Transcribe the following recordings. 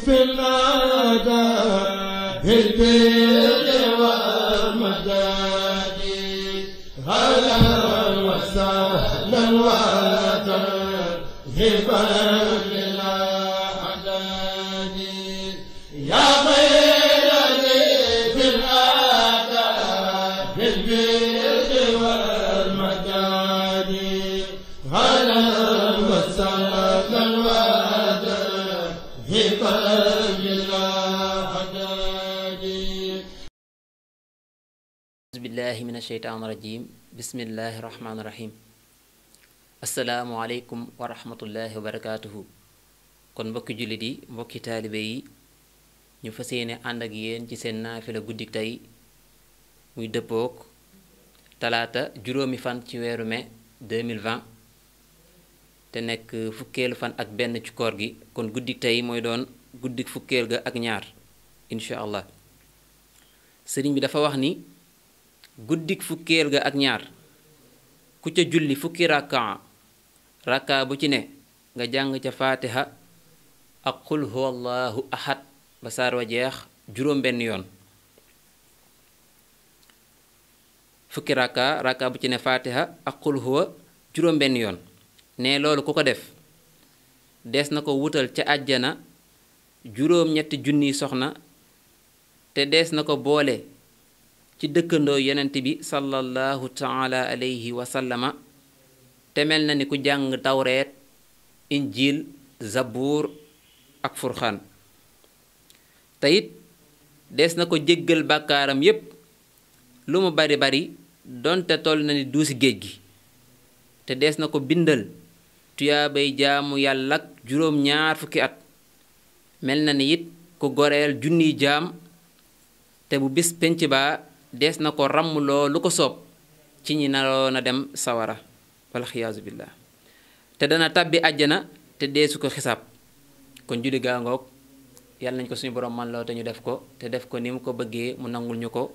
في المدى بالبر والمداد هلا وسهلا وترهبا للأعداد يا خير لي في الأدى بالبر والمداد auzu billahi min asheytaan rajim bismillahi rahmaani kon mbokki jullit yi mbokki taalibe yi ñu fa yéene ànd ak yéen ci seen naafila guddik tey muy dëppook talaata juróomi fan ci weeru mai te nekk fukkeelu fan ak benn ci koor gi kon guddik tey mooy doon guddik fukkeel ga ak ñaar incha allah sering bi dafa wax ni guddik fukkeel ga ak ñaar ku ca julli fukki rakkaa raka bu ci ne nga jàng ca fatiha ak huwallahu ahad ba saar wa jeex juróom benn yoon fukki raka raka bu ci ne fatiha ak xul huwa juróom benn yoon ne loolu ku def des na ko wutal ca àjjana juróom ñetti junniy soxna te dees na ko boole ci dëkkandoo yonent bi sallallahu taala alayhi te mel na ni ku jàng tawreet injil zabuur ak furxaan te it dees na ko jéggal bàkkaaram yépp lu mu bari bari donte toll na ni duusi géej gi te dees na ko bindal tuyaabay jaamu yàlla ak juróom ñaar fukki at mel na ni it ku goreel junniy jaam te bu bis penc ba des na ko lo lu ko sop ci ñi na na dem sawara wal khiyaz billah te dana tabbi aljana te desu ko hisab kon julli ga ngok yalla nañ ko suñu borom man lo te ñu def ko te def ko ni mu ko bëgge mu nangul ñuko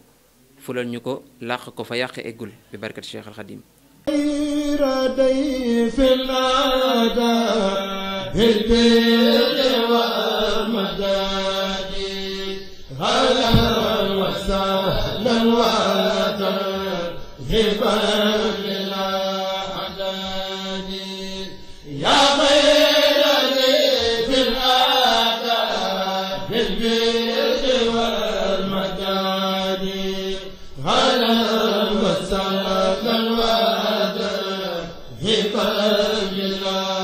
fulal ñuko laq ko fa yaq egul bi barakat Cheikh Al Khadim سهلا ولا تنزفا للا عدادي يا خير ذي في الآداء في البيت والمداد هلا وسهلا ولا تنزفا للا